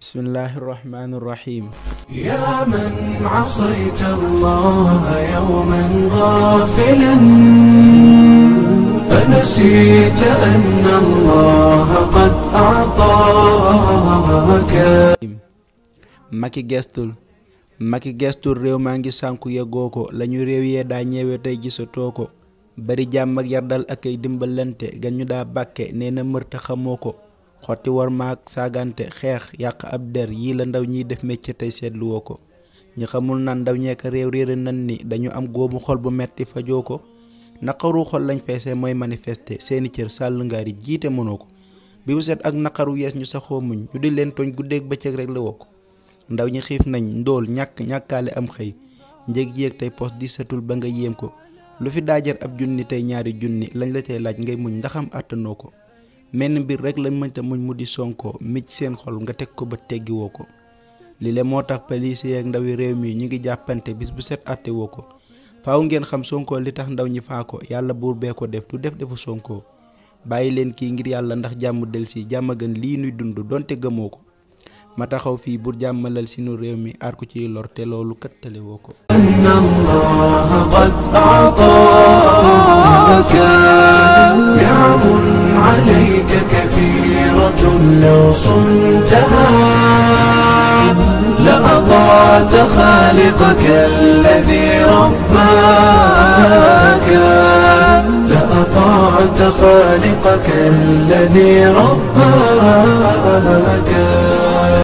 بسم الله الرحمن الرحيم يا من عصيت الله يوما غافلا أنسيت أن الله قد أعطاك Macky gestul réew maa ngi sànku yëgoo ko lañu réew yee daa ñëwee tey gisatoo ko bari jàmm ak yardal ak ay dimbalante gan ñu daa bàkke nee na mërta xamoo ko xotti war maak saagante xeex yàq ab der yii la ndaw ñiy def métier tey seetluwoo ko ñi xamul naan ndaw ñeeka réew réer nan ni dañu am góomu xol bu metti fajoo ko naqaru xol lañ feesee mooy manifester seeni cër sàll ngaar yi jiite mënoo ko bi bu set ak naqaru yees ñu saxoo muñ ñu di leen tooñ guddeeg bëccëg rek la woo ko ndaw ñi xiif nañ ndóol ñàkk ñàkkaale am xëy njëg yéeg tey post di setul ba nga yéem ko lu fi daajar ab junni tey ñaari junni lañ la tey laaj ngay muñ ndaxam àttanoo ko menn mbir rek lañ mënta muñ mu di sonkoo mi seen xol nga teg ko ba teggiwoo ko li le moo tax policier ak ndawi réew mi ñu ngi jàppante bis bu set àtte ko faaw ngeen xam Sonko li tax ndaw ñi faa ko yàlla buur bee ko def du def defu Sonko bàyyi leen kii ngir yàlla ndax jàmm delsi jàmm gën lii nuy dund donte gëmoo ko ma taxaw fii bur jàmmalal sinu réew mi aar ko ciy lor te loolu kattale woo ko لو صنتها لأطعت خالقك الذي رباك لأطعت خالقك الذي رباك